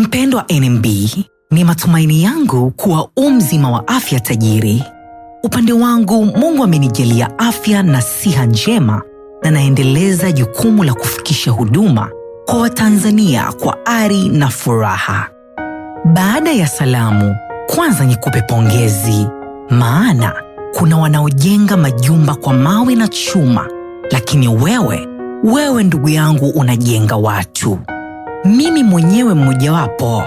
Mpendwa NMB, ni matumaini yangu kuwa u mzima wa afya tajiri. Upande wangu, Mungu amenijalia afya na siha njema na naendeleza jukumu la kufikisha huduma kwa Watanzania kwa ari na furaha. Baada ya salamu, kwanza nikupe pongezi, maana kuna wanaojenga majumba kwa mawe na chuma, lakini wewe, wewe ndugu yangu unajenga watu mimi mwenyewe mmojawapo.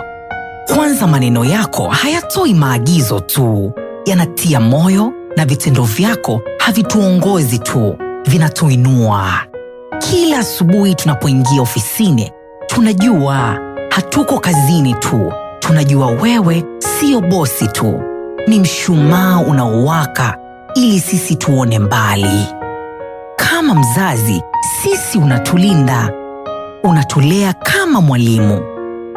Kwanza, maneno yako hayatoi maagizo tu, yanatia moyo, na vitendo vyako havituongozi tu, vinatuinua. Kila asubuhi tunapoingia ofisini, tunajua hatuko kazini tu, tunajua wewe sio bosi tu, ni mshumaa unaowaka ili sisi tuone mbali. Kama mzazi, sisi unatulinda unatulea kama mwalimu,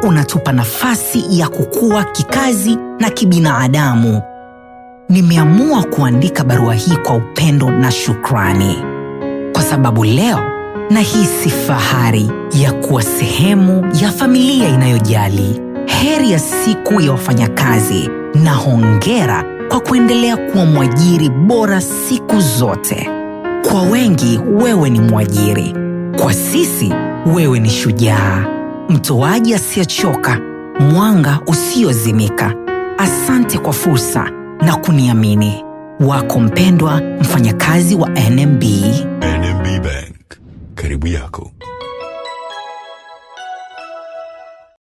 unatupa nafasi ya kukua kikazi na kibinadamu. Nimeamua kuandika barua hii kwa upendo na shukrani, kwa sababu leo nahisi fahari ya kuwa sehemu ya familia inayojali. Heri ya siku ya wafanyakazi na hongera kwa kuendelea kuwa mwajiri bora siku zote. Kwa wengi, wewe ni mwajiri kwa sisi wewe ni shujaa, mtoaji asiyechoka, mwanga usiozimika. Asante kwa fursa na kuniamini. Wako mpendwa, mfanyakazi wa NMB. NMB Bank karibu yako.